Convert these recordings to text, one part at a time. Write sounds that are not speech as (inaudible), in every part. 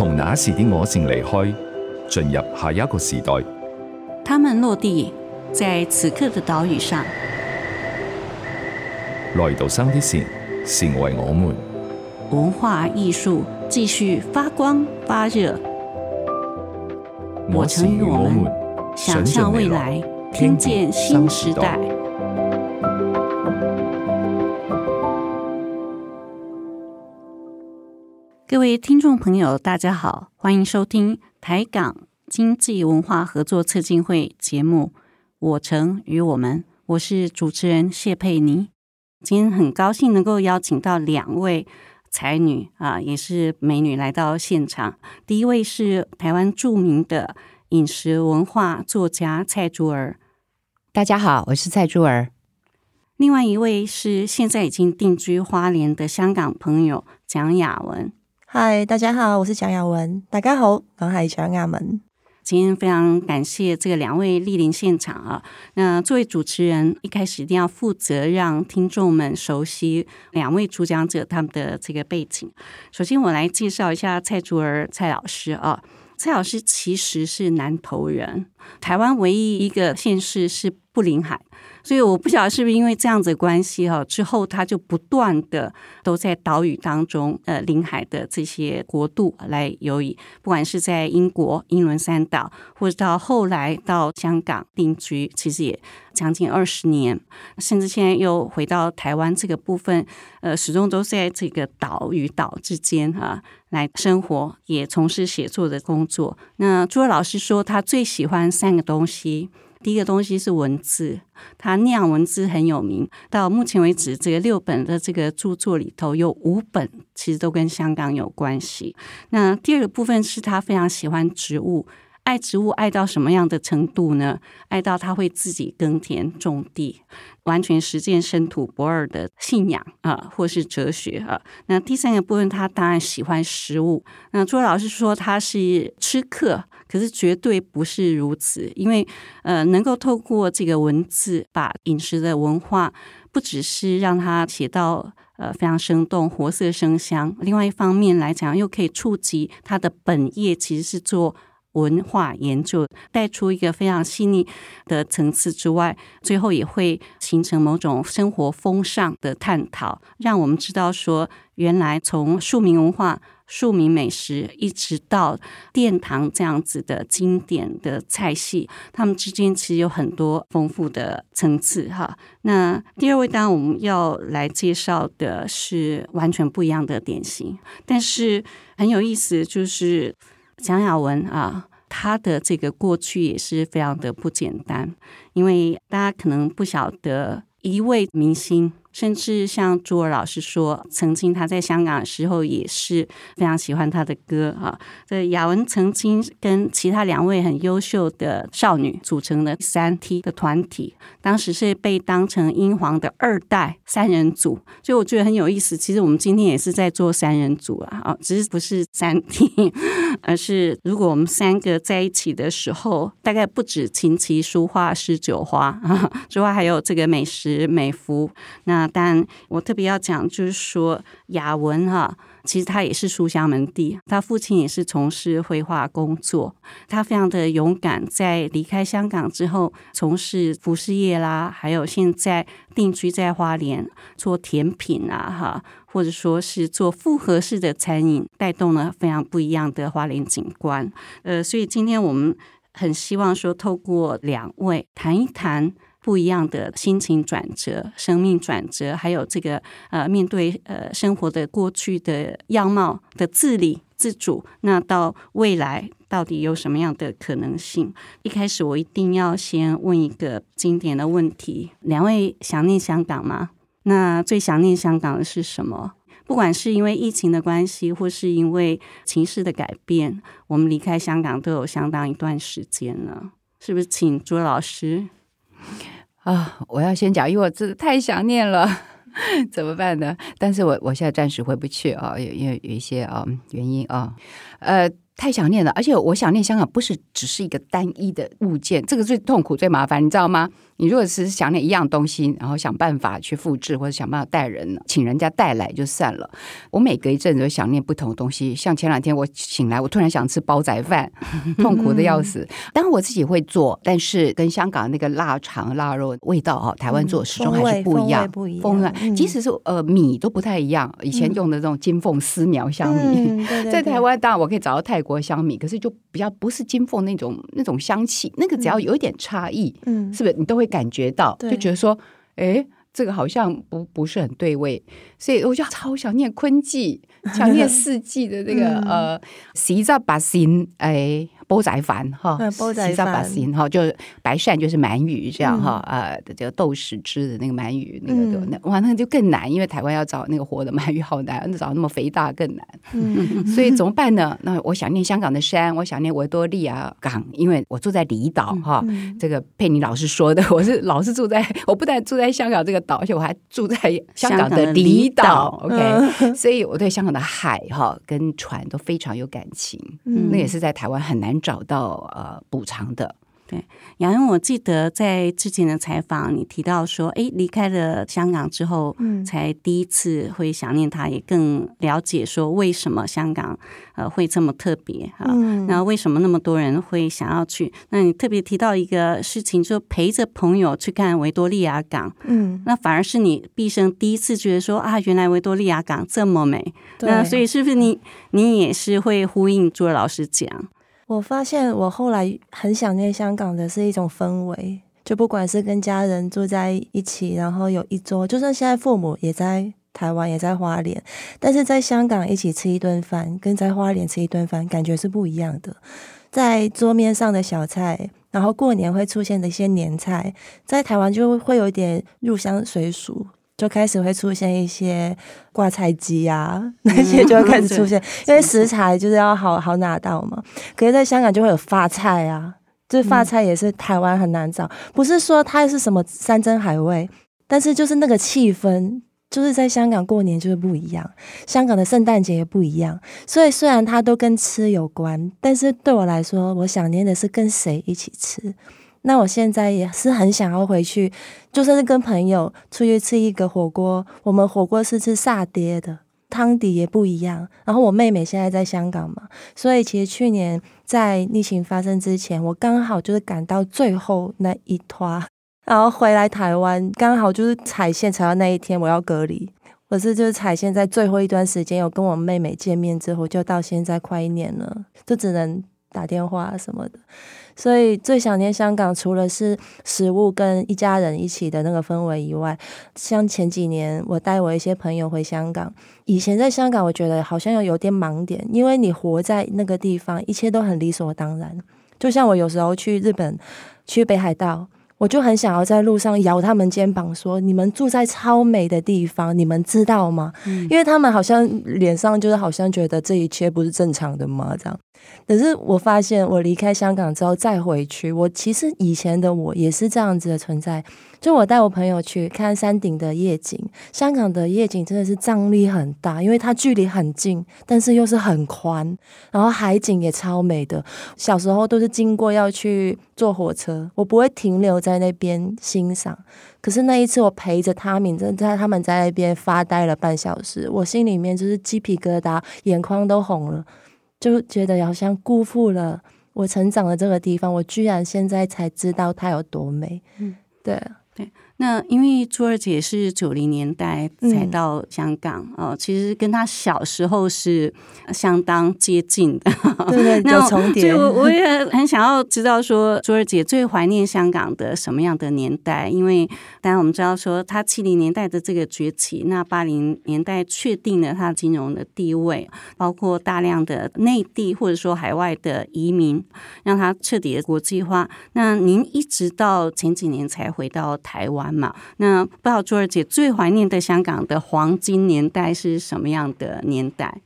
從那時的我城離開，進入下一個時代。他們落地在此刻的島嶼上，來到生的時，成為我們。文化藝術繼續發光發熱。我城與我們，想象未來，聽見新時代。各位聽眾朋友，大家好，歡迎收聽台港經濟文化合作策進會節目《我城與我們》，我是主持人謝佩霓。今天很高興能夠邀請到兩位才女啊、呃，也是美女來到現場。第一位是台灣著名的飲食文化作家蔡珠兒。大家好，我是蔡珠兒。另外一位是現在已經定居花蓮的香港朋友蔣雅文。嗨，大家好，我是蔣雅文。大家好，我是蔣雅文。今天非常感謝這個兩位莅臨現場啊。那作為主持人，一開始一定要負責讓聽眾們熟悉兩位主講者他們的這個背景。首先，我來介紹一下蔡珠兒蔡老師啊。蔡老師其實是南投人，台灣唯一一個縣市是不臨海。所以我不曉得是不是因為這樣子的關係哈、啊，之後他就不斷的都在島嶼當中，呃，臨海的這些國度來游移，不管是在英國、英倫三島，或者到後來到香港定居，其實也將近二十年，甚至現在又回到台灣這個部分，呃，始終都在這個島與島之間哈、啊，來生活，也從事寫作的工作。那珠兒老師說他最喜歡三個東西。第一個東西是文字，他念文字很有名。到目前為止，這個六本的這個著作裡頭，有五本其實都跟香港有關係。那第二個部分是他非常喜歡植物，愛植物愛到什麼樣的程度呢？愛到他會自己耕田種地，完全實踐“身土不二”的信仰啊，或是哲學啊。那第三個部分，他當然喜歡食物。那朱老師說他是吃客。可是絕對不是如此，因為呃，能夠透過這個文字把飲食的文化，不只是讓它寫到呃非常生動、活色生香，另外一方面來講，又可以觸及它的本業，其實是做文化研究，帶出一個非常細膩的層次之外，最後也會形成某種生活風尚的探討，讓我們知道說，原來從庶民文化。庶民美食，一直到殿堂這樣子的經典的菜系，他們之間其實有很多豐富的層次哈。那第二位當然我們要來介紹的是完全不一樣的典型，但是很有意思，就是蔣雅文啊，他的這個過去也是非常的不簡單，因為大家可能不曉得一位明星。甚至像珠兒老師說，曾經他在香港的時候也是非常喜歡他的歌啊。這雅文曾經跟其他兩位很優秀的少女組成了三 T 的團體，當時是被當成英皇的二代三人組。所以我覺得很有意思。其實我們今天也是在做三人組啊，啊只是不是三 T，而是如果我們三個在一起的時候，大概不止琴棋書畫詩酒花，之、啊、外還有這個美食美服那。那但我特別要講，就是說雅文哈、啊，其實他也是書香門第，他父親也是從事繪畫工作，他非常的勇敢，在離開香港之後，從事服飾業啦，還有現在定居在花蓮做甜品啊哈，或者說是做複合式的餐飲，帶動了非常不一樣的花蓮景觀。呃，所以今天我們很希望說，透過兩位談一談，不一樣的心情轉折、生命轉折，還有這個呃，面對呃生活的過去的樣貌的自理自主，那到未來到底有什麼樣的可能性？一開始我一定要先問一個經典的問題：兩位想念香港嗎？那最想念香港的是什麼？不管是因為疫情的關係，或是因為情勢的改變，我們離開香港都有相當一段時間了，是不是？請珠老師。啊，我要先講，因為我真的太想念了，怎麼辦呢？但是我我現在暫時回不去啊，有有有一些啊原因啊，呃，太想念了，而且我想念香港不是只是一個單一的物件，這個最痛苦、最麻煩，你知道嗎？你如果是想念一樣東西，然後想辦法去複製或者想辦法帶人，請人家帶來就算了。我每隔一陣子都想念不同的東西，像前兩天我醒來，我突然想吃煲仔飯，痛苦的要死、嗯。當然我自己會做，但是跟香港那個臘腸臘肉味道哈、哦，台灣做始終還是不一樣，風味、風味不一樣。風即使是、嗯、呃米都不太一樣，以前用的這種金鳳絲苗香米、嗯對對對，在台灣當然我可以找到泰國香米，可是就比較不是金鳳那種那種香氣，那個只要有一點差異，嗯，是不是你都會。感覺到就覺得說，哎、欸，這個好像不不是很對味，所以我就超想念崑記，想念四季的那、這個 (laughs) 呃，洗澡把心哎。欸煲仔飯哈，煲仔飯哈，就是白鱔，就是鰻魚這樣哈，這、嗯、個、呃、豆豉汁的那個鰻魚那個哇、嗯，那就更難，因為台灣要找那個活的鰻魚好難，找那麼肥大更難、嗯，所以怎麼辦呢？那我想念香港的山，我想念維多利亞港，因為我住在離島哈，這個佩霓老師說的，我是老是住在，我不但住在香港這個島，而且我還住在香港的離島、嗯，OK，所以我對香港的海哈、哦、跟船都非常有感情，嗯嗯、那也是在台灣很難。找到呃補償的，對雅文，我記得在之前的採訪，你提到說，誒、欸，離開了香港之後，嗯，才第一次會想念他，也更了解說為什麼香港呃會這麼特別哈，那、啊嗯、為什麼那麼多人會想要去？那你特別提到一個事情，就陪着朋友去看維多利亞港，嗯，那反而是你畢生第一次覺得說啊，原來維多利亞港這麼美對，那所以是不是你你也是會呼應珠老師講？我發現，我後來很想念香港的是一種氛圍，就不管是跟家人住在一起，然後有一桌，就算現在父母也在台灣，也在花蓮，但是在香港一起吃一頓飯，跟在花蓮吃一頓飯，感覺是不一樣的。在桌面上的小菜，然後過年會出現的一些年菜，在台灣就會會有一點入鄉隨俗。就開始會出現一些掛菜機啊，那些就會開始出現，因為食材就是要好好拿到嘛。 (laughs) 可是在香港就會有髮菜啊，這、就是、髮菜也是台灣很難找、嗯，不是說它是什麼山珍海味，但是就是那個氣氛，就是在香港過年就是不一樣，香港的聖誕節也不一樣。所以雖然它都跟吃有關，但是對我來說，我想念的是跟誰一起吃。那我現在也是很想要回去，就算是跟朋友出去吃一個火鍋，我們火鍋是吃沙嗲的，湯底也不一樣。然後我妹妹現在在香港嘛，所以其實去年在疫情發生之前，我剛好就是趕到最後那一趟，然後回來台灣，剛好就是踩線才到那一天我要隔離，我是就是踩線在最後一段時間有跟我妹妹見面之後，就到現在快一年了，就只能打電話什麼的。所以最想念香港，除了是食物跟一家人一起的那個氛圍以外，像前幾年我帶我一些朋友回香港，以前在香港我覺得好像有有點盲點，因為你活在那個地方，一切都很理所當然。就像我有時候去日本，去北海道，我就很想要在路上搖他們肩膀說：“你們住在超美的地方，你們知道嗎？”嗯、因為他們好像臉上就是好像覺得這一切不是正常的嘛，這樣。可是我發現，我離開香港之後再回去，我其實以前的我也是這樣子的存在。就我帶我朋友去看山頂的夜景，香港的夜景真的是張力很大，因為它距離很近，但是又是很寬，然後海景也超美的。小時候都是經過要去坐火車，我不會停留在那邊欣賞。可是那一次，我陪着他們，真的在他們在那邊發呆了半小時，我心裡面就是雞皮疙瘩，眼眶都紅了。就覺得好像辜負了我成長的這個地方，我居然現在才知道它有多美。嗯，對。那因為朱二姐是九零年代才到香港哦，嗯，其實跟她小時候是相當接近的。嗯、呵呵那重點，所以，我我也很想要知道說，朱二姐最懷念香港的什麼樣的年代？因為當然我們知道說，她七零年代的這個崛起，那八零年代確定了她金融的地位，包括大量的內地或者說海外的移民，讓她徹底的國際化。那您一直到前幾年才回到台灣。那不知道，珠兒姐最懷念的香港的黃金年代是什麼樣的年代？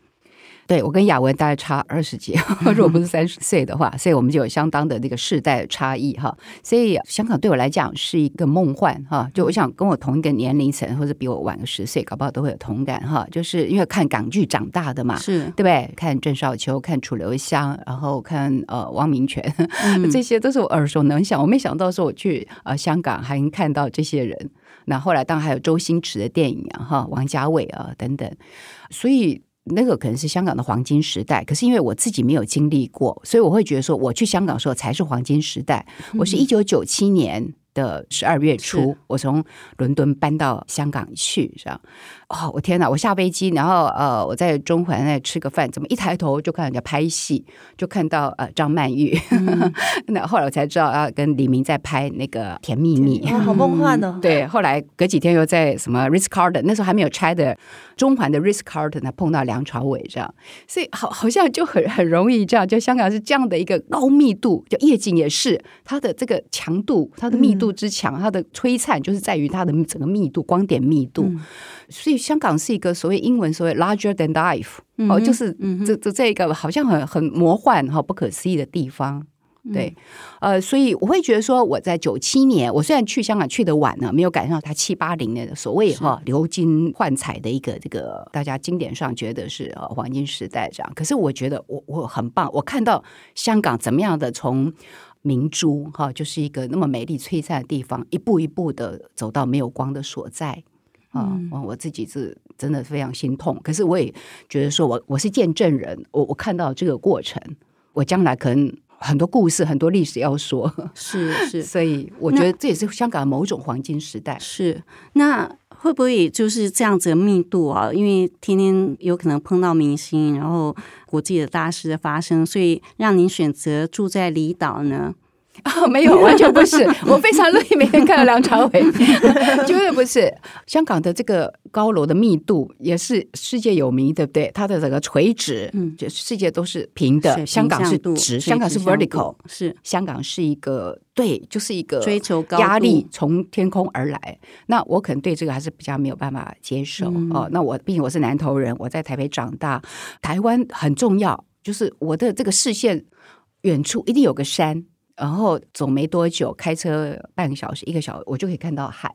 對，我跟雅文大概差二十幾，如果不是三十歲的話， (laughs) 所以我們就有相當的那個世代的差異哈。所以香港對我來講是一個夢幻哈，就我想跟我同一個年齡層或者比我晚個十歲，搞不好都會有同感哈。就是因為看港劇長大的嘛，是對不對？看鄭少秋、看楚留香，然後看呃汪明荃、嗯，這些都是我耳熟能詳。我沒想到說我去呃香港還能看到這些人。那後來當然還有周星馳的電影啊，哈，王家衛啊等等，所以。那個可能是香港的黃金時代，可是因為我自己沒有經歷過，所以我會覺得說，我去香港的時候才是黃金時代。我是一九九七年。嗯的十二月初，我從倫敦搬到香港去，這樣、啊、哦，我天吶，我下飛機，然後呃，我在中環那吃個飯，怎麼一抬頭就看人家拍戲，就看到呃張曼玉。嗯、 (laughs) 那後來我才知道，啊跟黎明在拍那個《甜蜜蜜》哦嗯哦，好夢幻哦。對，後來隔幾天又在什麼 Ritz Carlton 那時候還沒有拆的中環的 Ritz Carlton 碰到梁朝偉這樣，所以好好像就很很容易這樣，就香港是這樣的一個高密度，就夜景也是它的這個強度，它的密度、嗯。度之強，它的璀璨就是在於它的整個密度、光點密度。嗯、所以香港是一個所謂英文所謂 “larger than life”、嗯、哦，就是這這這一個好像很很魔幻哈、哦、不可思議的地方。對，嗯、呃，所以我會覺得說，我在九七年，我雖然去香港去得晚了、啊，沒有趕上它七八零年的所謂哈、哦、流金幻彩的一個這個大家經典上覺得是、哦、黃金時代這樣。可是我覺得我我很棒，我看到香港怎麼樣的從。明珠哈、哦，就是一個那麼美麗璀璨的地方，一步一步的走到沒有光的所在啊、哦嗯！我自己是真的非常心痛，可是我也覺得說我，我我是見證人，我我看到這個過程，我將來可能很多故事、很多歷史要說，是是，所以我覺得這也是香港的某種黃金時代。是那。是那會不會就是這樣子的密度啊？因為天天有可能碰到明星，然後國際的大事的發生，所以讓您選擇住在離島呢？啊、哦，沒有，完全不是。 (laughs) 我非常樂意每天看到梁朝偉， (laughs) 絕對不是。香港的這個高樓的密度也是世界有名，對不對？它的整個垂直，嗯，就世界都是平的，平香港是直，直，香港是 vertical，是香港是一個對，就是一個追求高壓力從天空而來。那我可能對這個還是比較沒有辦法接受、嗯、哦。那我畢竟我是南投人，我在台北長大，台灣很重要，就是我的這個視線遠處一定有個山。然後走沒多久，開車半個小時，一個小時，我就可以看到海。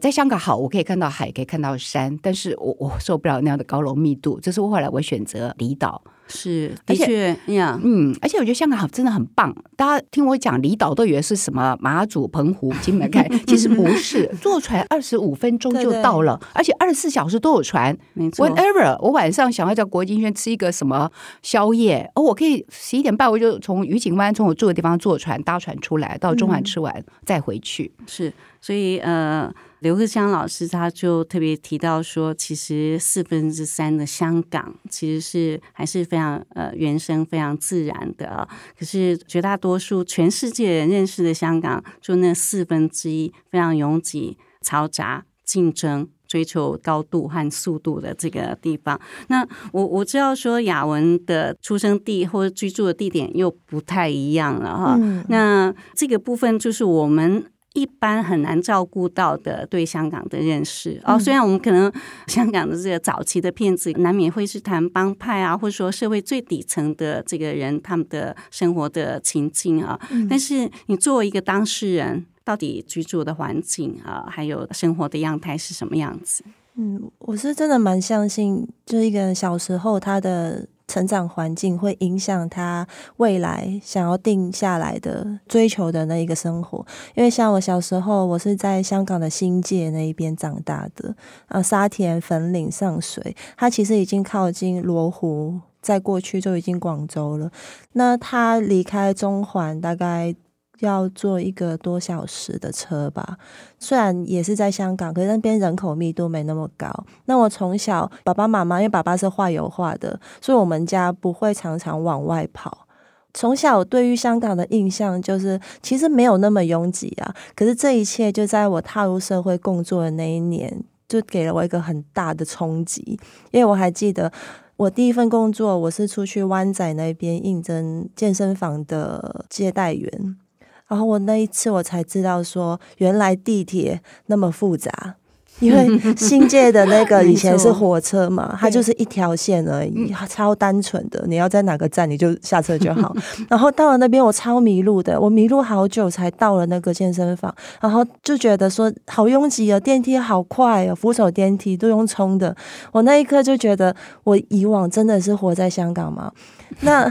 在香港好，我可以看到海，可以看到山，但是我我受不了那樣的高樓密度，這是我後來我選擇離島。是，的確、yeah. 嗯，而且我覺得香港好，真的很棒。大家聽我講，離島都以為是什麼馬祖、澎湖、金門、開，其實不是， (laughs) 坐船二十五分鐘就到了， (laughs) 對對，而且二十四小時都有船。沒錯，Whenever 我，我晚上想要在國金軒吃一個什麼宵夜，哦，我可以十一點半我就從愉景灣從我住的地方坐船搭船出來，到中環吃完再回去。嗯、是，所以嗯、呃劉克襄老師他就特別提到說，其實四分之三的香港其實是還是非常呃原生、非常自然的、哦。可是絕大多數全世界人認識的香港，就那四分之一非常擁擠、嘈雜、競爭、追求高度和速度的這個地方。那我我知道說雅文的出生地或者居住的地點又不太一樣了哈、哦嗯。那這個部分就是我們。一般很難照顧到的對香港的認識哦、oh, 嗯。雖然我們可能香港的這個早期的片子難免會是談幫派啊，或者說社會最底層的這個人他們的生活的情境啊、嗯。但是你作為一個當事人，到底居住的環境啊，還有生活的樣態是什麼樣子？嗯，我是真的蠻相信，就一個小時候他的。成長環境會影響他未來想要定下來的追求的那一個生活，因為像我小時候，我是在香港的新界那一邊長大的，啊，沙田、粉嶺、上水，他其實已經靠近羅湖，在過去就已經廣州了。那他離開中環，大概。要坐一個多小時的車吧，雖然也是在香港，可是那邊人口密度沒那麼高。那我從小爸爸媽媽，因為爸爸是畫油畫的，所以我們家不會常常往外跑。從小對於香港的印象就是，其實沒有那麼擁擠啊。可是這一切就在我踏入社會工作的那一年，就給了我一個很大的衝擊。因為我還記得，我第一份工作，我是出去灣仔那邊應徵健身房的接待員。然後我那一次我才知道說，原來地鐵那麼複雜，因為新界的那個以前是火車嘛， (laughs) 它就是一條線而已，超單純的。你要在哪個站你就下車就好。然後到了那邊我超迷路的，我迷路好久才到了那個健身房。然後就覺得說，好擁擠啊，電梯好快哦，啊，扶手電梯都用衝的。我那一刻就覺得，我以往真的是活在香港嗎？ (laughs) 那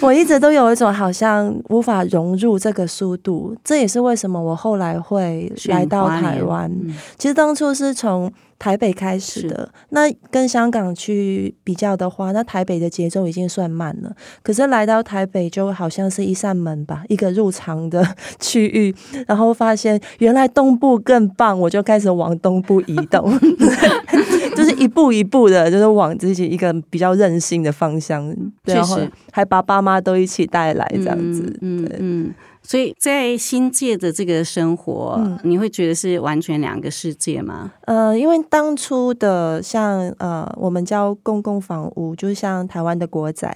我一直都有一種好像無法融入這個速度，這也是為什麼我後來會來到台灣。嗯、其實當初是從台北開始的。那跟香港去比較的話，那台北的節奏已經算慢了。可是來到台北就好像是一扇門吧，一個入場的區域。然後發現原來東部更棒，我就開始往東部移動。 (laughs) (laughs) (laughs) 就是一步一步的，就是往自己一個比較任性的方向，就是，是還把爸媽都一起帶來這樣子。嗯，對。嗯，所以在新界的這個生活，嗯，你會覺得是完全兩個世界嗎？呃，因為當初的像呃，我們叫公共房屋，就是像台灣的國宅。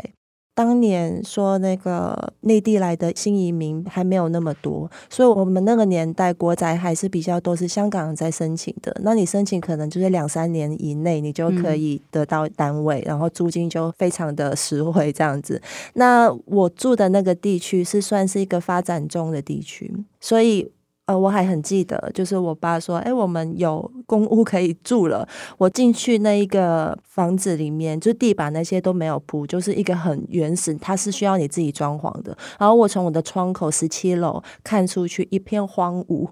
當年說那個內地來的新移民還沒有那麼多，所以我們那個年代國宅還是比較多，是香港人在申請的。那你申請可能就是兩三年以內，你就可以得到單位。嗯，然後租金就非常的實惠這樣子。那我住的那個地區是算是一個發展中的地區，所以。呃，我還很記得，就是我爸說：“哎、欸，我們有公屋可以住了。”我進去那一個房子裡面，就地板那些都沒有鋪，就是一個很原始，它是需要你自己裝潢的。然後我從我的窗口十七樓看出去，一片荒蕪。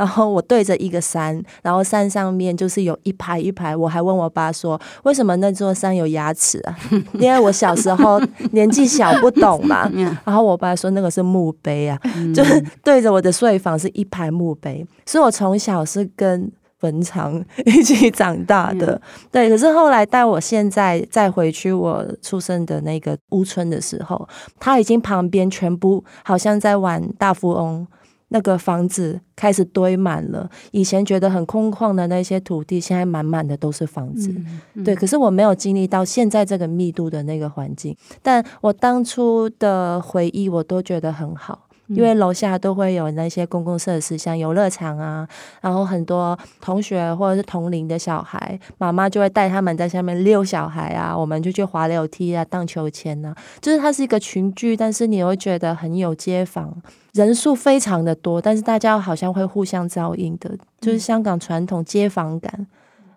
然後我對着一個山，然後山上面就是有一排一排。我還問我爸說，為什麼那座山有牙齒啊？因為我小時候年紀小不懂嘛。 (laughs) 然後我爸說那個是墓碑啊，嗯、就是對着我的睡房是一排墓碑。所以我從小是跟墳場一起長大的、嗯。對，可是後來帶我現在再回去我出生的那個屋村的時候，他已經旁邊全部好像在玩大富翁。那個房子開始堆滿了，以前覺得很空曠的那些土地，現在滿滿的都是房子。嗯嗯、對，可是我沒有經歷到現在這個密度的那個環境，但我當初的回憶，我都覺得很好。因為樓下都會有那些公共設施，像遊樂場啊，然後很多同學或者是同齡的小孩，媽媽就會帶他們在下面遛小孩啊，我們就去滑溜梯啊、盪秋千啊，就是它是一個群聚，但是你會覺得很有街坊，人數非常的多，但是大家好像會互相照應的、嗯，就是香港傳統街坊感。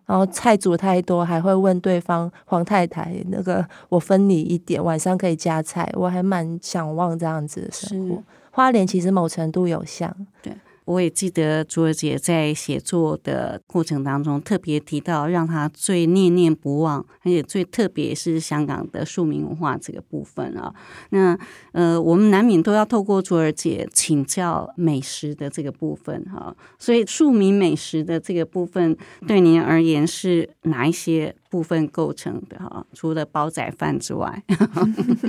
然後菜煮太多，還會問對方黃太太那個我分你一點，晚上可以加菜，我還蠻嚮往這樣子的生活。花蓮其實某程度有像，對我也記得珠兒姐在寫作的過程當中，特別提到讓她最念念不忘，而且最特別是香港的庶民文化這個部分啊。那呃，我們難免都要透過珠兒姐請教美食的這個部分哈，所以庶民美食的這個部分對您而言是哪一些部分構成的哈？除了煲仔飯之外。 (laughs)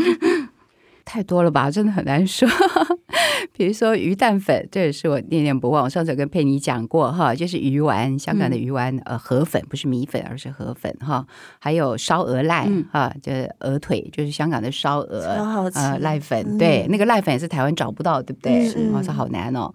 太多了吧，真的很難說。 (laughs) 比如說魚蛋粉，這也是我念念不忘。我上次有跟佩霓講過哈，就是魚丸，香港的魚丸，嗯、呃，河粉不是米粉，而是河粉哈。還有燒鵝瀨哈、嗯啊，就是鵝腿，就是香港的燒鵝，超好呃，瀨粉、嗯。對，那個瀨粉也是台灣找不到，對不對？我說、哦嗯、好難哦。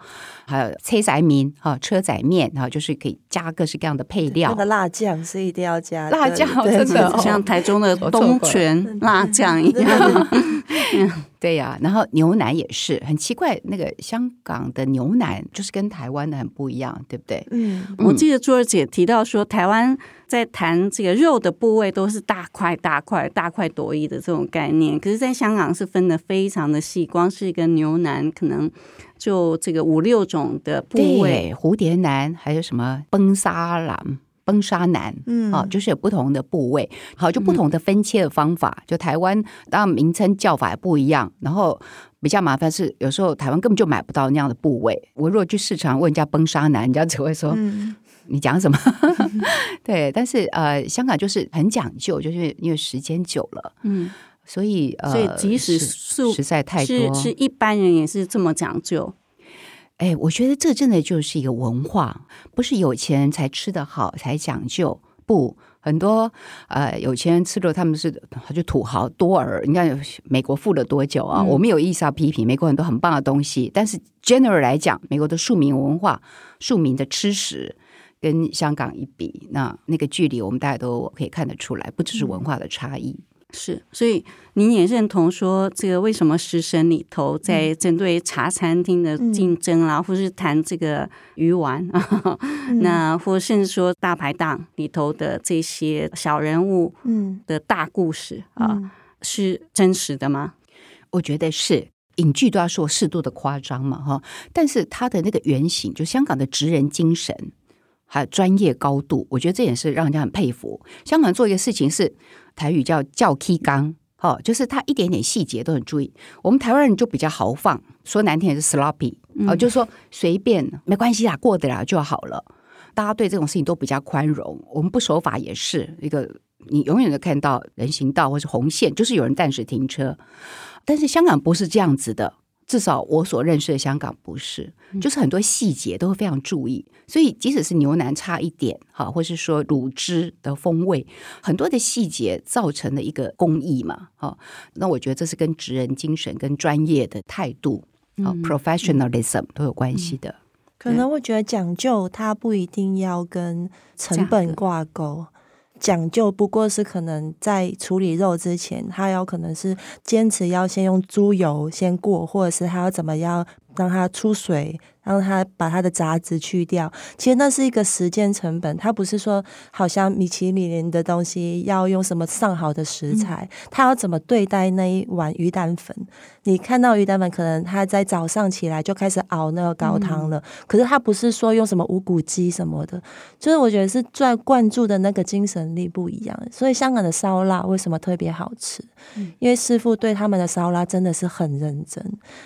還有車仔麵哈，車仔麵哈，就是可以加各式各樣的配料。那個辣醬是一定要加，辣醬真的、哦、像台中的東泉 (laughs) 辣醬一樣。 (laughs) 對對對 (laughs) 對呀、啊，然後牛腩也是很奇怪，那個香港的牛腩就是跟台灣的很不一樣，對不對？嗯，我記得珠兒姐提到說，台灣在談這個肉的部位都是大塊大塊、大塊朵頤的這種概念，可是，在香港是分得非常的細，光是一個牛腩可能就這個五六種的部位，蝴蝶腩還有什麼崩沙腩。崩沙腩，嗯，好、哦，就是有不同的部位，好，就不同的分切的方法，嗯、就台灣，當然名稱叫法也不一樣，然後比較麻煩是，有時候台灣根本就買不到那樣的部位。我如果去市場問人家崩沙腩，人家只會說、嗯、你講什麼？嗯、 (laughs) 對，但是呃，香港就是很講究，就是因為時間久了，嗯，所以呃，所以即使素實在太多是，是一般人也是這麼講究。哎、欸，我覺得這真的就是一個文化，不是有錢人才吃得好才講究。不，很多呃有錢人吃了，他們是他就土豪多爾。你看，美國富了多久啊？嗯、我沒有意思要批評美國很多很棒的東西，但是 general 來講，美國的庶民文化，庶民的吃食跟香港一比，那那個距離我們大家都可以看得出來，不只是文化的差異。嗯是，所以您也認同說，這個為什麼食神裡頭在針對茶餐廳的競爭啊，啊、嗯、或是談這個魚丸，嗯、 (laughs) 那或甚至說大排檔裡頭的這些小人物，嗯，的大故事啊、嗯，是真實的嗎？我覺得是，影劇都要說適度的誇張嘛，哈，但是他的那個原型，就是、香港的職人精神。還有專業高度，我覺得這點是讓人家很佩服。香港做一個事情是台語叫教 K 綱，key gang, 哦，就是他一點點細節都很注意。我們台灣人就比較豪放，說難聽也是 sloppy 啊、哦，就是、說隨便沒關係啊，過得了就好了。大家對這種事情都比較寬容。我們不守法也是一個，你永遠都看到人行道或是紅線，就是有人暫時停車。但是香港不是這樣子的。至少我所認識的香港不是，就是很多細節都會非常注意，所以即使是牛腩差一點哈，或是說滷汁的風味，很多的細節造成了一個工藝嘛哈。那我覺得這是跟職人精神、跟專業的態度、嗯、professionalism 都有關係的。可能我覺得講究它不一定要跟成本掛鈎。講究不過是可能在處理肉之前，他有可能是堅持要先用豬油先過，或者是他要怎麼樣。讓它出水，讓它把它的雜質去掉。其實那是一個時間成本。它不是說，好像米其林的東西要用什麼上好的食材，嗯，它要怎麼對待那一碗魚蛋粉？你看到魚蛋粉，可能他在早上起來就開始熬那個高湯了。嗯嗯，可是他不是說用什麼無骨雞什麼的，就是我覺得是在灌注的那個精神力不一樣。所以香港的燒臘為什麼特別好吃？嗯，因為師傅對他們的燒臘真的是很認真。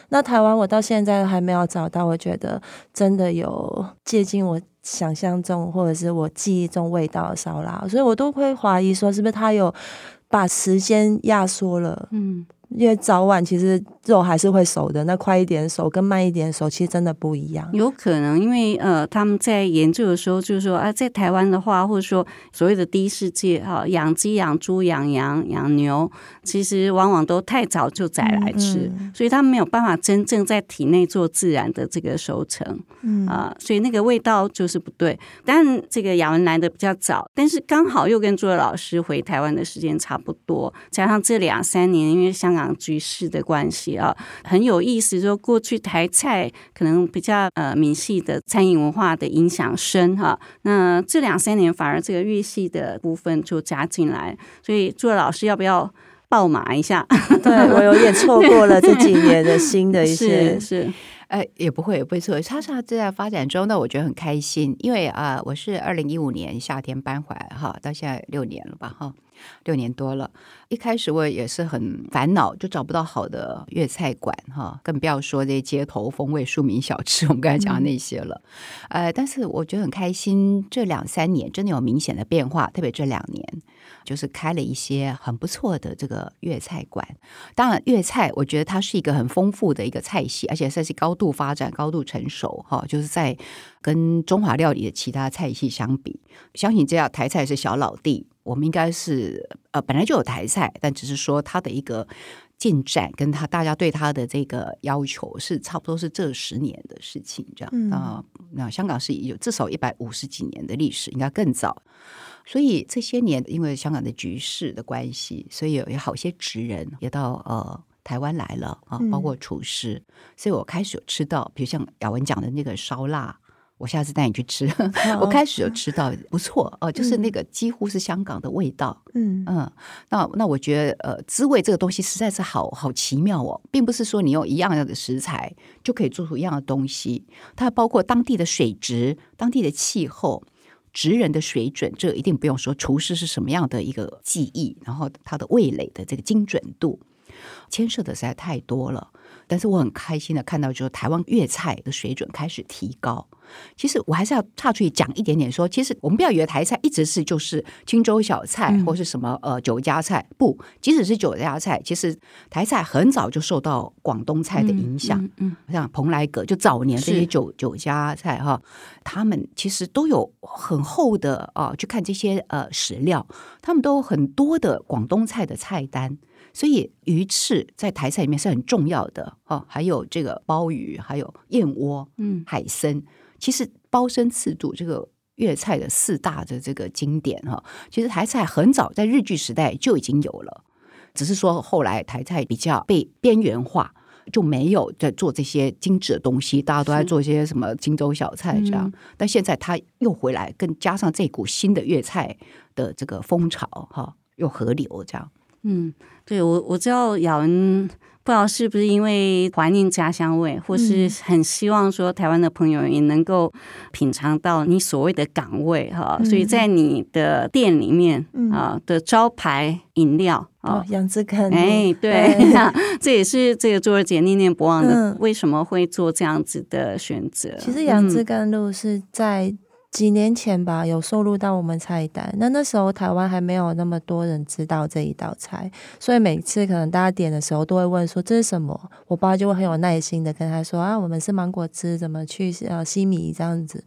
那台灣，我到現在。都還沒有找到，我覺得真的有接近我想象中或者是我記憶中味道的燒臘，所以我都會懷疑說，是不是他有把時間壓縮了，嗯，因為早晚其實。肉還是會熟的，那快一點熟跟慢一點熟其實真的不一樣。有可能，因為呃，他們在研究的時候就是說啊，在台灣的話，或者說所謂的第一世界哈，啊、養雞、養豬、養羊、養牛，其實往往都太早就宰來吃嗯嗯，所以他們沒有辦法真正在體內做自然的這個熟成。嗯啊、呃，所以那個味道就是不對。但這個雅文來的比較早，但是剛好又跟珠兒老師回台灣的時間差不多，加上這兩三年因為香港局勢的關係。啊，很有意思，說過去台菜可能比較呃閩系的餐飲文化的影響深哈、啊，那這兩三年反而這個粵系的部分就加進來，所以珠老師要不要爆馬一下？ (laughs) 對我有點錯過了這幾年的新的一些 (laughs) 是，哎、呃、也不會不會錯，恰恰正在發展中呢，那我覺得很開心，因為啊、呃、我是二零一五年夏天搬回來哈，到現在六年了吧哈。六年多了，一開始我也是很煩惱，就找不到好的粵菜館哈，更不要說這些街頭風味、庶民小吃，我們剛才講那些了。嗯、呃，但是我覺得很開心，這兩三年真的有明顯的變化，特別這兩年。就是開了一些很不錯的這個粵菜館，當然粵菜，我覺得它是一個很豐富的一個菜系，而且算是高度發展、高度成熟哈。就是在跟中華料理的其他菜系相比，相信這樣台菜是小老弟。我們應該是呃本來就有台菜，但只是說它的一個進展，跟它大家對它的這個要求是差不多，是這十年的事情這樣啊。那那香港是有至少一百五十幾年的歷史，應該更早。所以這些年，因為香港的局勢的關係，所以有有好些職人也到呃台灣來了啊，呃，包括廚師、嗯。所以我開始有吃到，比如像雅文講的那個燒臘，我下次帶你去吃。 (laughs) Oh. 我開始有吃到不錯哦，呃，就是那個幾乎是香港的味道。嗯嗯，呃，那那我覺得呃，滋味這個東西實在是好好奇妙哦，並不是說你用一樣樣的食材就可以做出一樣的東西，它包括當地的水質、當地的氣候、職人的水準，這一定不用說，廚師是什麼樣的一個技藝，然後他的味蕾的這個精準度，牽涉的實在太多了。但是我很開心的看到，就是台灣粵菜的水準開始提高。其實我還是要岔出去講一點點，說其實我們不要以為台菜一直是就是清粥小菜或是什麼呃酒家菜。不，嗯、即使是酒家菜，其實台菜很早就受到廣東菜的影響。嗯，嗯，嗯、像蓬萊閣就早年這些酒酒家菜哈，他們其實都有很厚的啊、呃，去看這些呃史料，他們都有很多的廣東菜的菜單。所以魚翅在台菜裡面是很重要的哈，還有這個鮑魚，還有燕窩，嗯，海參。其實鮑參翅肚這個粵菜的四大的這個經典哈，其實台菜很早在日據時代就已經有了，只是說後來台菜比較被邊緣化，就沒有再做這些精緻的東西，大家都在做一些什麼荊州小菜這樣。但現在它又回來，更加上這股新的粵菜的這個風潮哈，又合流這樣，嗯。對，我我知道雅雲，雅文，不知道是不是因為懷念家鄉味，或是很希望說台灣的朋友也能夠品嘗到你所謂的港味哈，所以在你的店裡面啊、嗯呃、的招牌飲料啊，楊、哦、枝甘露，哎，對，哎、 (laughs) (laughs) 這也是這個珠兒姐念念不忘的、嗯，為什麼會做這樣子的選擇？其實楊枝甘露是在。幾年前吧，有收錄到我們菜單。那那時候台灣還沒有那麼多人知道這一道菜，所以每次可能大家點的時候都會問說，這是什麼。我爸就會很有耐心的跟他說啊，我們是芒果汁，怎麼去呃、啊、西米這樣子。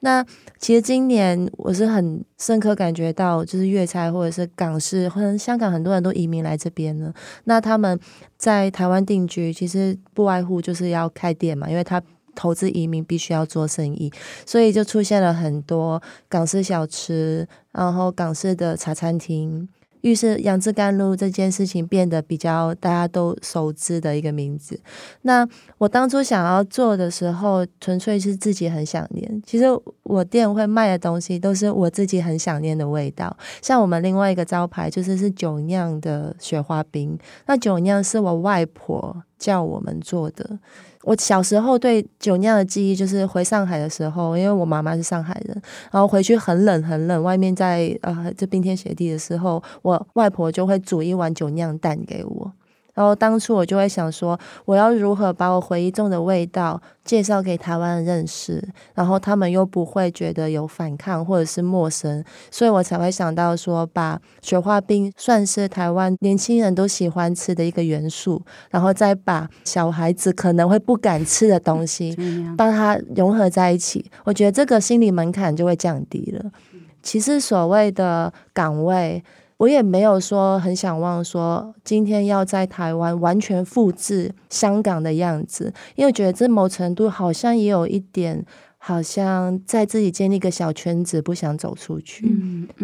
那其實今年我是很深刻感覺到，就是粵菜或者是港式，可能香港很多人都移民來這邊了，那他們在台灣定居，其實不外乎就是要開店嘛，因為他。投資移民必須要做生意，所以就出現了很多港式小吃，然後港式的茶餐廳。於是，楊枝甘露這件事情變得比較大家都熟知的一個名字。那我當初想要做的時候，純粹是自己很想念。其實我店會賣的東西都是我自己很想念的味道。像我們另外一個招牌，就是是酒釀的雪花冰。那酒釀是我外婆叫我們做的。我小時候對酒釀的記憶，就是回上海的時候，因為我媽媽是上海人，然後回去很冷很冷，外面在啊這、呃、冰天雪地的時候，我外婆就會煮一碗酒釀蛋給我。然後當初我就會想說，我要如何把我回憶中的味道介紹給台灣人認識，然後他們又不會覺得有反抗或者是陌生，所以我才會想到說，把雪花冰算是台灣年輕人都喜歡吃的一個元素，然後再把小孩子可能會不敢吃的東西，把它融合在一起，我覺得這個心理門檻就會降低了。其實所謂的港味。我也沒有說很想望說今天要在台灣完全複製香港的樣子，因為我覺得這某程度好像也有一點，好像在自己建立個小圈子，不想走出去。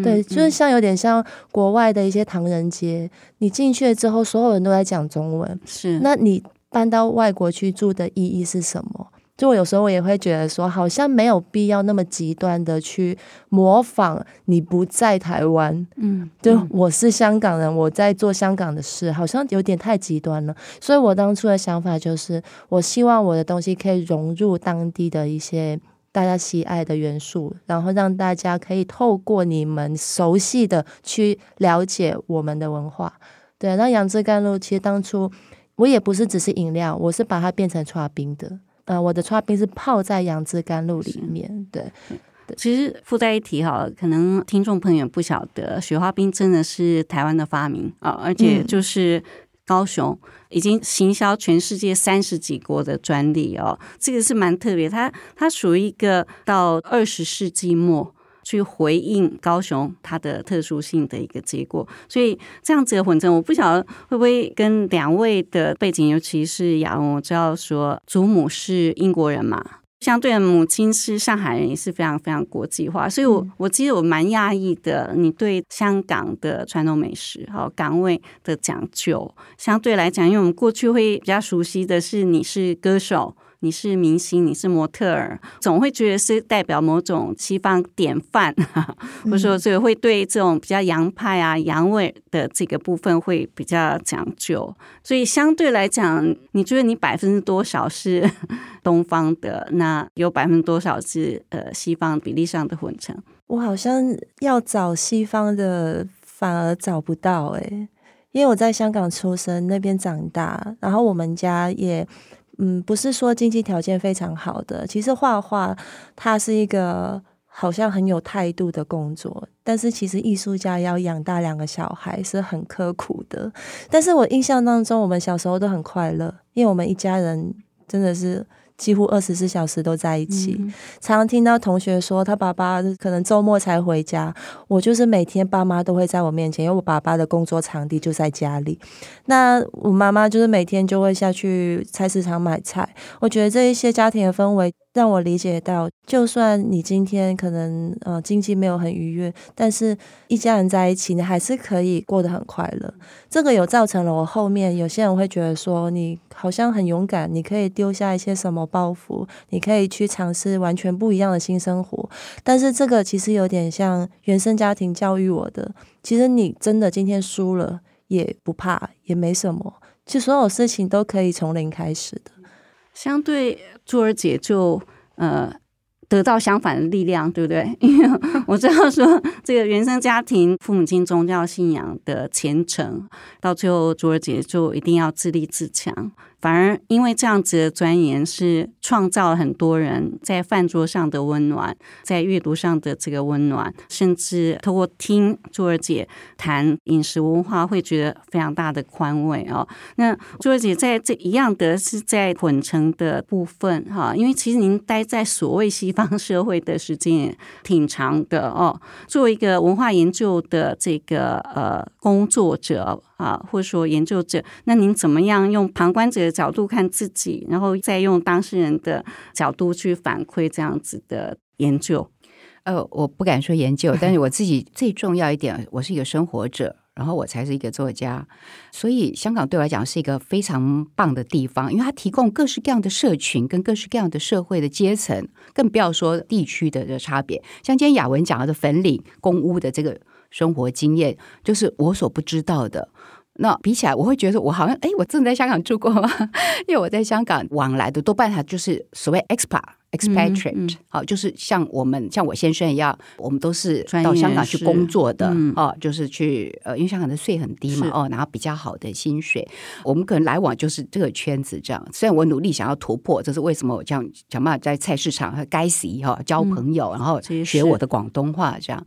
對，就是像有點像國外的一些唐人街，你進去了之後，所有人都在講中文。是，那你搬到外國去住的意義是什麼？就我有時候我也會覺得說，好像沒有必要那麼極端的去模仿。你不在台灣，嗯，嗯，就我是香港人，我在做香港的事，好像有點太極端了。所以，我當初的想法就是，我希望我的東西可以融入當地的一些大家喜愛的元素，然後讓大家可以透過你們熟悉的去了解我們的文化。對，那楊枝甘露其實當初我也不是只是飲料，我是把它變成刨冰的。呃，我的刨冰是泡在楊枝甘露裡面。對、嗯，其實附帶一提哈，可能聽眾朋友不曉得，雪花冰真的是台灣的發明啊、哦，而且就是高雄已經行銷全世界三十幾國的專利哦，這個是蠻特別，它它屬於一個到二十世紀末，去回應高雄它的特殊性的一個結果，所以這樣子的混成，我不曉得會不會跟兩位的背景，尤其是雅文，我知道說祖母是英國人嘛，相對母親是上海人，也是非常非常國際化。所以我，我我記得我蠻訝異的，你對香港的傳統美食、好港味的講究，相對來講，因為我們過去會比較熟悉的是你是歌手。你是明星，你是模特兒，總會覺得是代表某種西方典範、嗯，或者說，這個會對這種比較洋派啊、洋味的這個部分會比較講究。所以相對來講，你覺得你百分之多少是東方的？那有百分之多少是呃西方比例上的混成？我好像要找西方的反而找不到誒、欸，因為我在香港出生，那邊長大，然後我們家也。嗯，不是說經濟條件非常好的。其實畫畫，它是一個好像很有態度的工作。但是其實藝術家要養大兩個小孩是很刻苦的。但是我印象當中，我們小時候都很快樂，因為我們一家人真的是。幾乎二十四小時都在一起，常聽到同學說他爸爸可能周末才回家。我就是每天爸媽都會在我面前，因為我爸爸的工作場地就在家裡。那我媽媽就是每天就會下去菜市場買菜。我覺得這一些家庭的氛圍。讓我理解到，就算你今天可能呃，經濟沒有很愉悅，但是一家人在一起，你還是可以過得很快樂。這個有造成了我後面有些人會覺得說，你好像很勇敢，你可以丟下一些什麼包袱，你可以去嘗試完全不一樣的新生活。但是這個其實有點像原生家庭教育我的，其實你真的今天輸了也不怕，也沒什麼，其實所有事情都可以從零開始的。相對珠兒姐就呃得到相反的力量，對不對？因為我知道說，這個原生家庭、父母親、宗教信仰的虔誠，到最後珠兒姐就一定要自立自強。反而，因為這樣子的鑽研，是創造了很多人在飯桌上的溫暖，在閱讀上的這個溫暖，甚至透過聽珠兒姐談飲食文化，會覺得非常大的寬慰哦。那珠兒姐在這一樣的是在混成的部分哈、啊，因為其實您待在所謂西方社會的時間也挺長的哦，作為一個文化研究的這個呃工作者。啊、呃，或者說研究者，那您怎麼樣用旁觀者的角度看自己，然後再用當事人的角度去反饋這樣子的研究？呃，我不敢說研究，但是我自己最重要一點， (laughs) 我是一個生活者，然後我才是一個作家。所以香港對我來講是一個非常棒的地方，因為它提供各式各樣的社群跟各式各樣的社會的階層，更不要說地區的差別。像今天雅文講到的粉嶺公屋的這個生活經驗，就是我所不知道的。那比起來，我會覺得我好像哎，我真的在香港住過嗎？因為我在香港往來的多半，他，就是所謂 expat expatriate、嗯嗯哦、就是像我們像我先生一樣，我們都是到香港去工作的，嗯嗯、哦，就是去呃，因為香港的稅很低嘛，哦，然後比較好的薪水，我們可能來往就是這個圈子這樣。雖然我努力想要突破，這是為什麼我這樣想辦法在菜市場和街市哈交朋友、嗯，然後學我的廣東話這樣。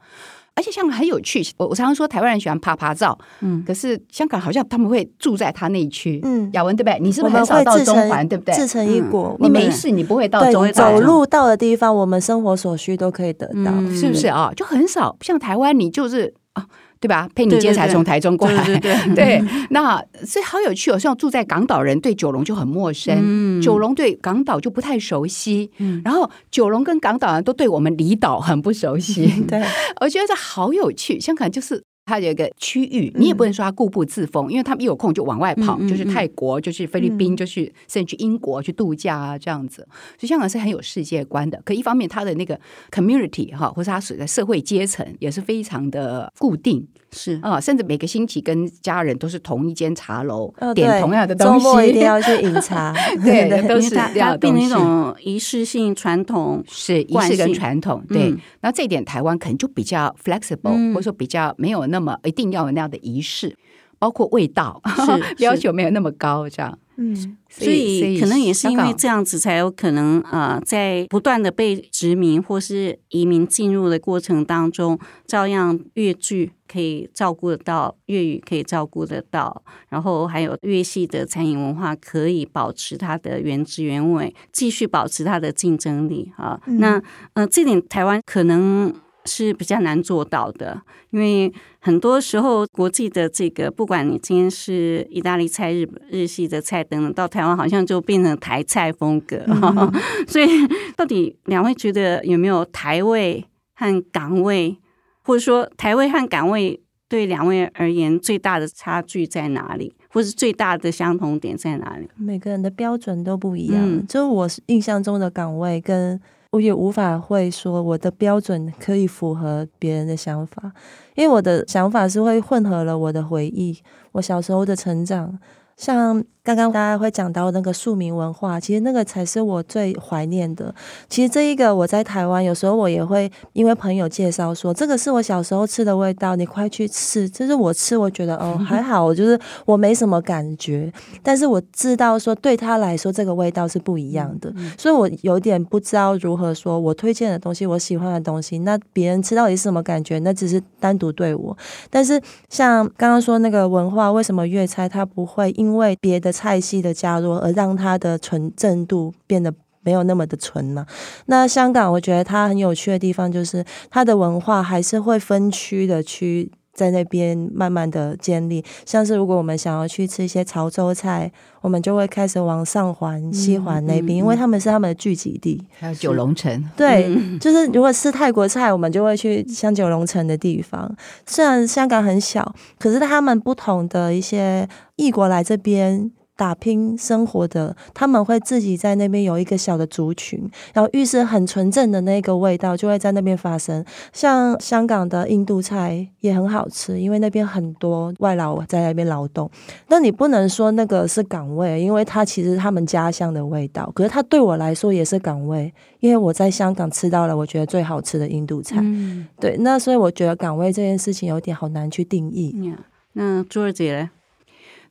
而且香港很有趣，我常常說台灣人喜歡爬爬照、嗯，可是香港好像他們會住在他那一區，雅、嗯、文對不對？你是不是很少到中環對不對？自成一國，嗯、你沒事你不會到中環，對，走路到的地方，我們生活所需都可以得到，嗯、是不是啊？就很少像台灣，你就是啊。對吧？佩霓今天才從台中過來。對對，對，對，對，對，那所以好有趣哦。像我住在港島人對九龍就很陌生，嗯，九龍對港島就不太熟悉。嗯，然後九龍跟港島人都對我們離島很不熟悉。嗯、對，我覺得這好有趣。香港就是。它有一個區域，你也不能說它固步自封，嗯、因為他們一有空就往外跑，嗯、就是泰國，就是菲律賓，嗯、就是甚至去英國去度假啊，這樣子。所以香港是很有世界觀的，可一方面它的那個 community 哈，或是它所在社會階層也是非常的固定。是啊、哦，甚至每個星期跟家人都是同一間茶樓、哦，點同樣的東西。周末一定要去飲茶， (laughs) 對， (laughs) 對對都是要變成一那種儀式性傳統性是儀式跟傳統，對。那、嗯、這點台灣可能就比較 flexible，、嗯、或者說比較沒有那麼一定要有那樣的儀式，嗯、包括味道是，要求沒有那麼高，這樣。嗯，所以，所以可能也是因為這樣子才有可能啊、呃，在不斷的被殖民或是移民進入的過程當中，照樣粵劇可以照顧得到，粵語可以照顧得到，然後還有粵系的餐飲文化可以保持它的原汁原味，繼續保持它的競爭力哈、啊嗯，那嗯、呃，這點台灣可能。是比較難做到的，因為很多時候國際的這個，不管你今天是意大利菜、日本日系的菜，等等到台灣，好像就變成台菜風格。嗯嗯哦、所以，到底兩位覺得有沒有台味和港味？或者說台味和港味對兩位而言最大的差距在哪裡，或是最大的相同點在哪裡？每個人的標準都不一樣，就、嗯、我印象中的港味跟。我也無法會說我的標準可以符合別人的想法，因為我的想法是會混合了我的回憶，我小時候的成長，像。剛剛大家會講到那個庶民文化，其實那個才是我最懷念的。其實這一個我在台灣，有時候我也會因為朋友介紹說這個是我小時候吃的味道，你快去吃。就是我吃，我覺得哦還好，我就是我沒什麼感覺。但是我知道說對他來說這個味道是不一樣的，所以我有點不知道如何說，我推薦的東西，我喜歡的東西，那別人吃到底是什麼感覺？那只是單獨對我。但是像剛剛說那個文化，為什麼粵菜它不會因為別的？菜系的加入，而讓它的純正度變得沒有那麼的純嘛。那香港，我覺得它很有趣的地方就是，它的文化還是會分區的去在那邊慢慢的建立。像是如果我們想要去吃一些潮州菜，我們就會開始往上環、西環那邊、嗯嗯嗯，因為他們是他們的聚集地。還有九龍城，對，就是如果是泰國菜，我們就會去像九龍城的地方。雖然香港很小，可是他們不同的一些異國來這邊。打拼生活的他們會自己在那邊有一個小的族群，然後於是很純正的那個味道就會在那邊發生。像香港的印度菜也很好吃，因為那邊很多外勞在那邊勞動。那你不能說那個是港味，因為它其實他們家鄉的味道。可是它對我來說也是港味，因為我在香港吃到了我覺得最好吃的印度菜。嗯，對。那所以我覺得港味這件事情有點好難去定義。嗯、那珠兒姐呢？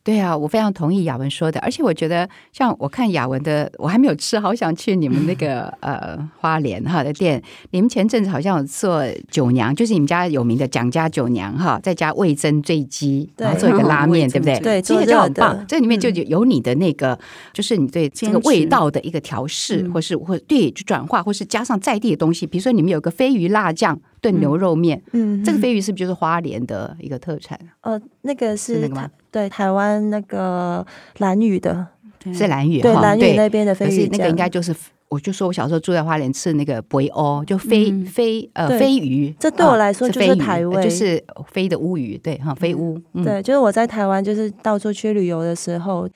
對啊，我非常同意雅文說的，而且我覺得像我看雅文的，我還沒有吃，好想去你們那個呃花蓮哈的店，嗯。你們前陣子好像有做酒釀，就是你們家有名的蔣家酒釀哈，再加味噌醉雞，然後做一個拉麵，對不對？對，這也叫很棒。這裡面就有你的那個、嗯，就是你對這個味道的一個調試，或是或對轉化，或是加上在地的東西，嗯、比如說你們有個飛魚辣醬。燉、嗯、牛肉麵嗯，嗯，這個飛魚是不是就是花蓮的一個特產？呃，那個是，是那個對，台灣那個蘭嶼的，對是蘭嶼哈，蘭嶼那邊的飛魚的，那個應該就是，我就說，我小時候住在花蓮吃那個北歐，就飛、嗯、飛呃飛魚、哦，這對我來說就是台灣、哦，就是飛的烏魚，對哈，飛烏、嗯，對，就是我在台灣就是到處去旅遊的時候。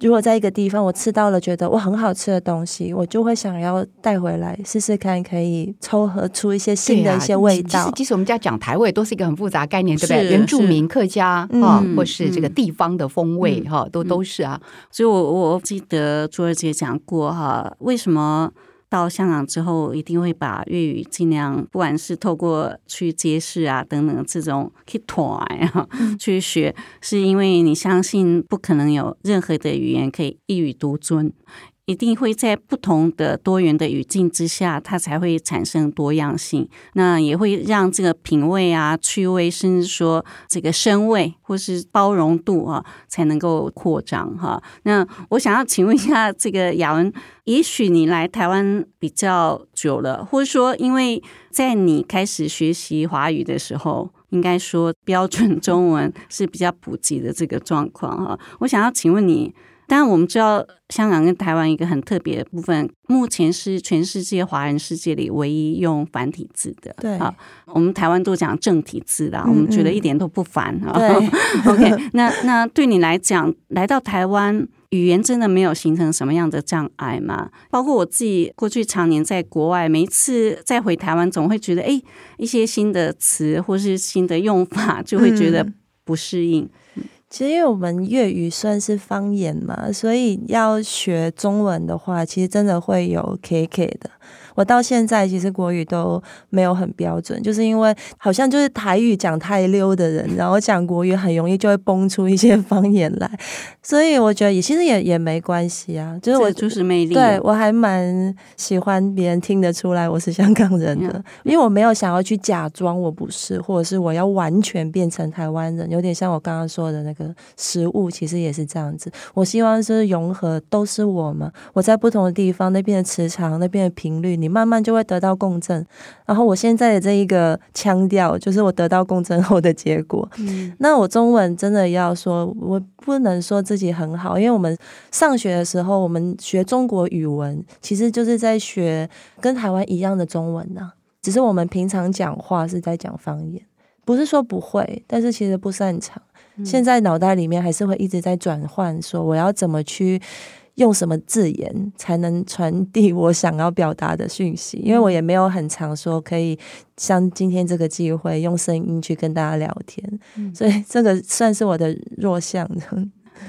如果在一個地方我吃到了覺得我很好吃的東西，我就會想要帶回來試試看，可以湊合出一些新的一些味道，啊其。其實我們家講台味都是一個很複雜概念，對不對？原住民、客家啊、嗯，或是這個地方的風味哈，嗯，都都是啊。所以我我記得珠兒姐講過哈，為什麼？到香港之後，一定會把粵語盡量，不管是透過去街市啊等等這種去 i t o 啊，去學，是因為你相信不可能有任何的語言可以一語獨尊。一定會在不同的多元的語境之下，它才會產生多樣性。那也會讓這個品味啊、趣味，甚至說這個身位或是包容度啊，才能夠擴張哈。那我想要請問一下，這個雅文，也許你來台灣比較久了，或者說因為在你開始學習華語的時候，應該說標準中文是比較普及的這個狀況哈。我想要請問你。但我們知道，香港跟台灣一個很特別的部分，目前是全世界華人世界裡唯一用繁體字的。對，好，我們台灣都講正體字了，嗯嗯，我們覺得一點都不繁啊。對 (laughs) ，OK，那那對你來講，來到台灣，語言真的沒有形成什麼樣的障礙嗎？包括我自己過去常年在國外，每一次再回台灣，總會覺得哎，欸，一些新的詞或是新的用法，就會覺得不適應。嗯其實，因為我們粵語算是方言嘛，所以要學中文的話，其實真的會有 KK 的。我到現在其實國語都沒有很標準，就是因為好像就是台語講太溜的人，然後講國語很容易就會蹦出一些方言來，所以我覺得也其實也也沒關係啊。就是我就是魅力，對，我還蠻喜歡別人聽得出來我是香港人的。嗯，因為我沒有想要去假裝我不是，或者是我要完全變成台灣人，有點像我剛剛說的那個食物，其實也是這樣子。我希望是融合，都是我嘛。我在不同的地方，那邊的磁場，那邊的頻率。你慢慢就會得到共振，然後我現在的這一個腔調，就是我得到共振後的結果。嗯。那我中文真的要說，我不能說自己很好，因為我們上學的時候，我們學中國語文，其實就是在學跟台灣一樣的中文呢，啊。只是我們平常講話是在講方言，不是說不會，但是其實不擅長。現在腦袋裡面還是會一直在轉換，說我要怎麼去。用什麼字眼才能傳遞我想要表達的訊息？因為我也沒有很常說，可以像今天這個機會用聲音去跟大家聊天，嗯、所以這個算是我的弱項了。 (laughs)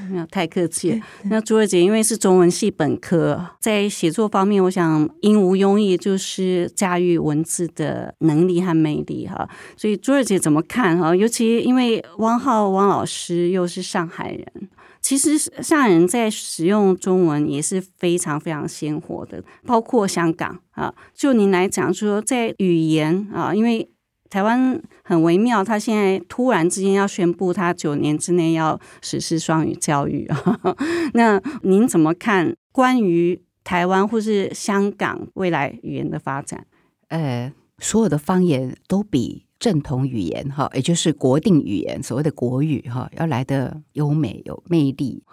沒有太客氣。那珠兒姐因為是中文系本科， (laughs) 在寫作方面，我想“因無庸議”就是駕馭文字的能力和魅力哈。所以珠兒姐怎麼看哈？尤其因為汪浩汪老師又是上海人，其實上海人在使用中文也是非常非常鮮活的，包括香港啊。就您來講說，在語言啊，因為台灣很微妙，他現在突然之間要宣布他九年之內要實施雙語教育，啊，那您怎麼看關於台灣或是香港未來語言的發展？呃，所有的方言都比。正統語言，哈，也就是國定語言，所謂的國語，哈，要來得優美有魅力，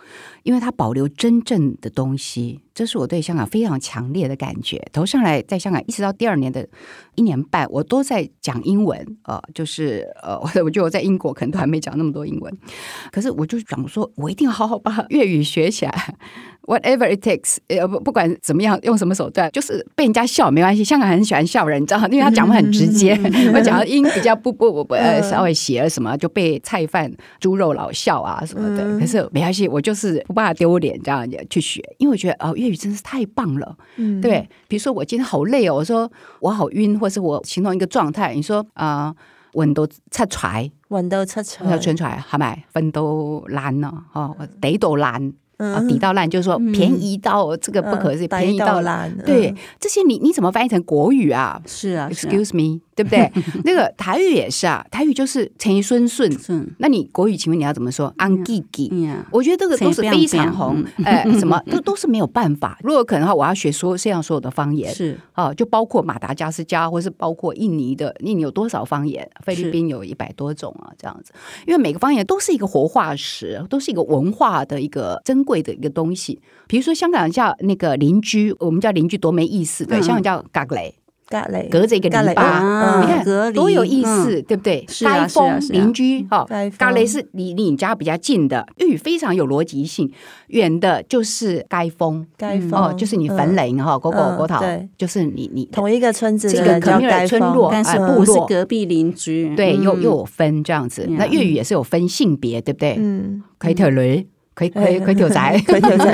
因為它保留真正的東西。這是我對香港非常強烈的感覺。頭上來在香港，一直到第二年的一年半，我都在講英文。呃，就是呃，我覺得我在英國可能都還沒講那麼多英文。可是我就講說，我一定要好好把粵語學起來，whatever it takes，呃不，不管怎麼樣，用什麼手段，就是被人家笑沒關係。香港人很喜歡笑人，你知道，因為他講話很直接，嗯、 (laughs) 我講的音比較不不不呃稍微寫了什麼，就被菜飯豬肉佬笑啊什麼的。嗯、可是沒關係，我就是不怕丟臉這樣去學，因為我覺得哦粵。呃語真是太棒了，嗯，對，比如說我今天好累哦，我說我好暈，或是我形容一個狀態，你說啊、呃，文都拆出來，文都拆出來，好買分都爛了，哦，底都爛，啊、嗯哦，抵到爛，就是說、嗯、便宜到這個不可是、嗯、便宜到爛、嗯，對，這些你你怎麼翻譯成國語啊？嗯、是啊，Excuse me。 (laughs) 對不對？那個台語也是啊，台語就是陳宜孫順。那你國語，請問你要怎麼說？安吉吉。我覺得這個都是非常紅，嗯、哎，什麼、嗯、都都是沒有辦法。如果可能的話，我要學說世界上所有的方言，是啊，就包括馬達加斯加，或是包括印尼的，印尼有多少方言？菲律賓有一百多種啊，這樣子。因為每個方言都是一個活化石，都是一個文化的一個珍貴的一個東西。比如說香港叫那個鄰居，我們叫鄰居多沒意思的、嗯，香港叫嘎隔籬着一個籬笆、啊，你看隔多有意思，嗯、對不對？街坊鄰居哈，隔籬是離你家比較近的。粵語、啊啊啊、非常有邏輯性，遠的就是街坊、嗯嗯，哦、嗯，就是你墳林哈，溝溝溝頭，就是你你同一個村子，一個可的村落，但是不、呃，部落是隔壁鄰居。對，嗯、又又有分這樣子、嗯。那粵語也是有分性別，對不對？嗯，凱特倫。嗯嗯奎奎奎，九宅，奎九宅，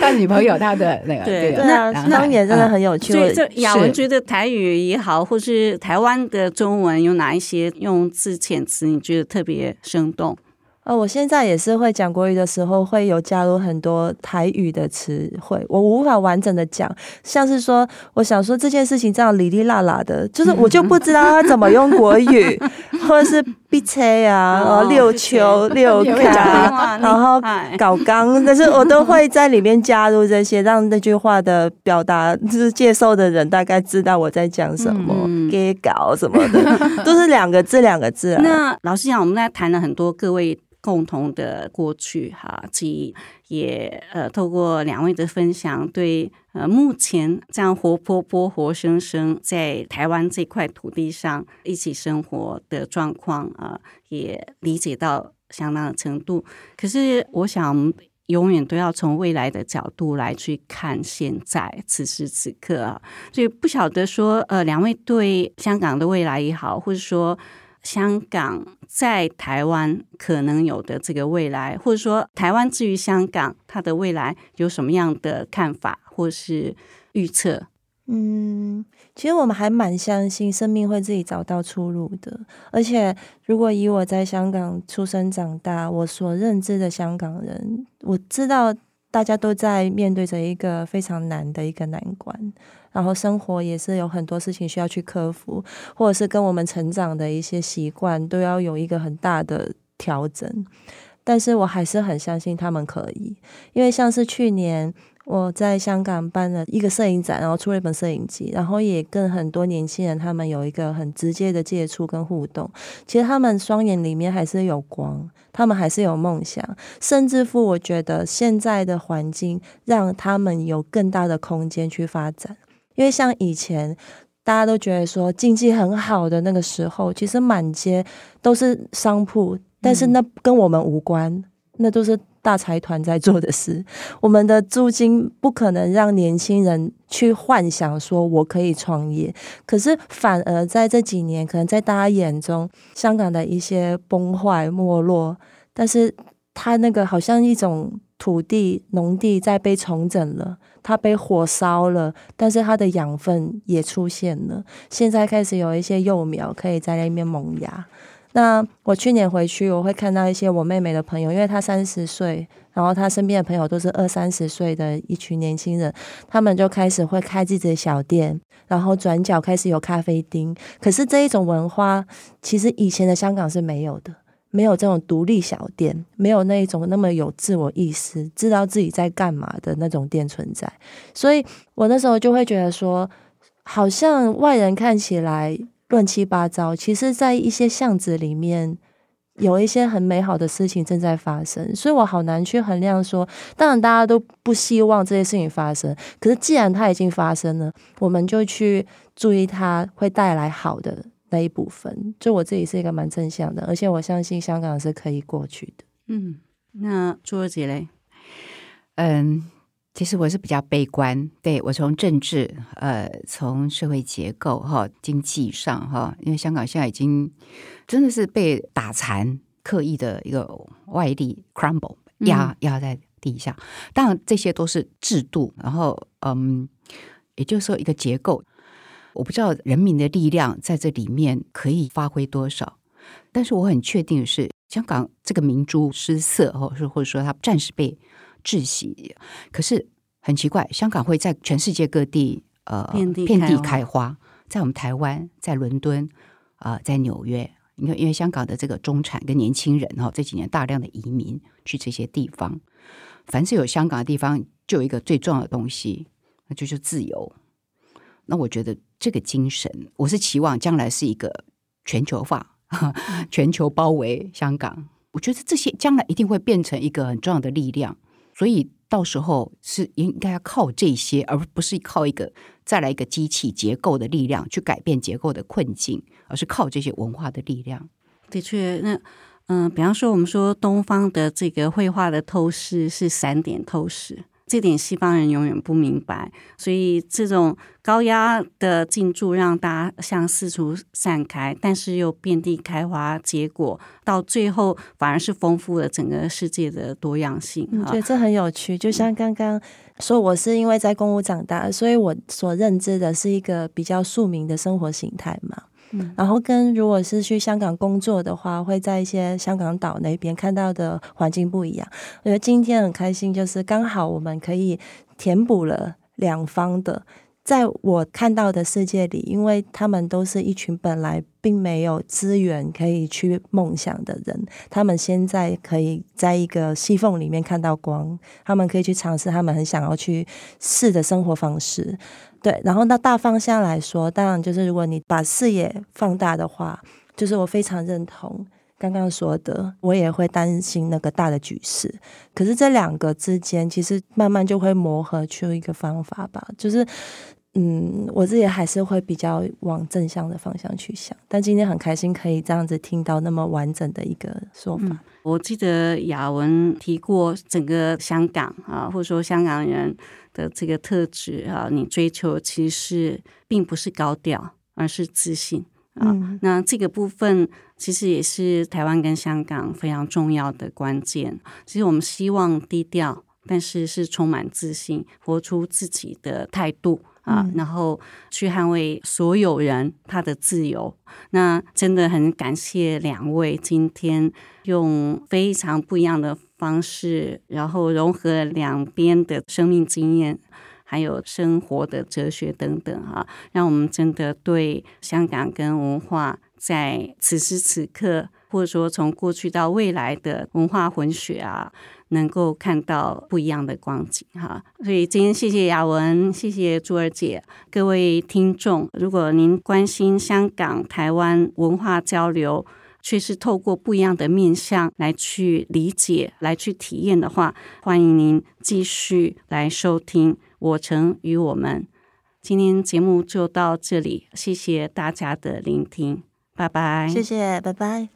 他 (laughs) 女朋友，他的那個，對,對,對那當年真的很有趣。就、嗯、以，雅、嗯、文、嗯、覺得台語也好，或是台灣的中文，有哪一些用字遣詞你覺得特別生動？呃，我現在也是會講國語的時候，會有加入很多台語的詞彙，我無法完整的講。像是說，我想說這件事情這樣哩哩啦啦的，就是我就不知道他怎麼用國語， (laughs) 或者是。B 車啊，oh, 六球六卡， (laughs) 然後搞剛 (laughs) 但是我都會在裡面加入這些， (laughs) 讓那句話的表達，就是接受的人大概知道我在講什麼，給 (laughs) 搞什麼的，都是兩個字， (laughs) 兩個字啊。 (laughs) 那老實講，我們在談了很多各位共同的過去哈，其實也呃，透過兩位的分享對。呃，目前這樣活潑潑活生生在台灣這塊土地上一起生活的狀況啊，也理解到相當的程度。可是，我想永遠都要從未來的角度來去看現在此時此刻。所以，不曉得說，呃，兩位對香港的未來也好，或者說香港在台灣可能有的這個未來，或者說台灣之於香港它的未來，有什麼樣的看法？或是預測，嗯，其實我們還蠻相信生命會自己找到出路的。而且，如果以我在香港出生長大，我所認知的香港人，我知道大家都在面對着一個非常難的一個難關，然後生活也是有很多事情需要去克服，或者是跟我們成長的一些習慣都要有一個很大的調整。但是我還是很相信他們可以，因為像是去年。我在香港辦了一個攝影展，然後出了一本攝影集，然後也跟很多年輕人他們有一個很直接的接觸跟互動。其實他們雙眼裡面還是有光，他們還是有夢想，甚至乎我覺得現在的環境讓他們有更大的空間去發展。因為像以前大家都覺得說經濟很好的那個時候，其實滿街都是商鋪，但是那跟我們無關，嗯、那都是。大財團在做的事，我們的租金不可能讓年輕人去幻想說我可以創業。可是反而在這幾年，可能在大家眼中，香港的一些崩壞沒落，但是它那個好像一種土地農地在被重整了，它被火燒了，但是它的養分也出現了。現在開始有一些幼苗可以在那邊萌芽。那我去年回去，我會看到一些我妹妹的朋友，因為她三十歲，然後她身邊的朋友都是二三十歲的一群年輕人，他們就開始會開自己的小店，然後轉角開始有咖啡廳。可是這一種文化，其實以前的香港是沒有的，沒有這種獨立小店，沒有那一種那麼有自我意識，知道自己在幹嘛的那種店存在。所以我那時候就會覺得說，好像外人看起來。亂七八糟，其實，在一些巷子裡面，有一些很美好的事情正在發生，所以我好難去衡量說。當然，大家都不希望這些事情發生，可是既然它已經發生了，我們就去注意它會帶來好的那一部分。就我自己是一個蠻正向的，而且我相信香港是可以過去的。嗯，那珠兒姐呢？嗯。其實我是比較悲觀，對我從政治，呃，從社會結構哈，經濟上哈，因為香港現在已經真的是被打殘，刻意的一個外力 crumble 壓壓在地下，嗯。當然這些都是制度，然後嗯，也就是說一個結構，我不知道人民的力量在這裡面可以發揮多少，但是我很確定的是香港這個明珠失色，是或者說它暫時被。窒息，可是很奇怪，香港會在全世界各地，呃，遍地開花。開花，在我們台灣，在倫敦，啊、呃，在紐約，因為因為香港的這個中產跟年輕人哈、哦，這幾年大量的移民去這些地方，凡是有香港的地方，就有一個最重要的東西，那就是自由。那我覺得這個精神，我是期望將來是一個全球化，全球包圍香港。我覺得這些將來一定會變成一個很重要的力量。所以到時候是應該要靠這些，而不是靠一個再來一個機器結構的力量去改變結構的困境，而是靠這些文化的力量。的確，那嗯、呃，比方說我們說東方的這個繪畫的透視是散點透視。這點西方人永遠不明白，所以這種高壓的進駐讓大家向四處散開，但是又遍地開花，結果到最後反而是豐富了整個世界的多樣性。我覺得這很有趣，就像剛剛說，我是因為在公屋長大，所以我所認知的是一個比較庶民的生活形態嘛。然後跟如果是去香港工作的話，會在一些香港島那邊看到的環境不一樣。我覺得今天很開心，就是剛好我們可以填補了兩方的。在我看到的世界裡，因為他們都是一群本來並沒有資源可以去夢想的人，他們現在可以在一個細縫裡面看到光，他們可以去嘗試他們很想要去試的生活方式。對，然後那大方向來說，當然就是如果你把視野放大的話，就是我非常認同剛剛說的，我也會擔心那個大的局勢。可是這兩個之間，其實慢慢就會磨合出一個方法吧，就是。嗯，我自己還是會比較往正向的方向去想。但今天很開心可以這樣子聽到那麼完整的一個說法。嗯、我記得雅文提過，整個香港啊，或者說香港人的這個特質啊，你追求其實並不是高調，而是自信啊、嗯。那這個部分其實也是台灣跟香港非常重要的關鍵。其實我們希望低調，但是是充滿自信，活出自己的態度。啊，然後去捍衛所有人他的自由。那真的很感謝兩位今天用非常不一樣的方式，然後融合兩邊的生命經驗，還有生活的哲學等等哈，啊，讓我們真的對香港跟文化在此時此刻，或者說從過去到未來的文化混血啊。能夠看到不一樣的光景哈，所以今天謝謝雅文，謝謝珠兒姐，各位聽眾，如果您關心香港、台灣文化交流，卻是透過不一樣的面向來去理解、來去體驗的話，歡迎您繼續來收聽《我城與我們》。今天節目就到這裡，謝謝大家的聆聽，拜拜，謝謝，拜拜。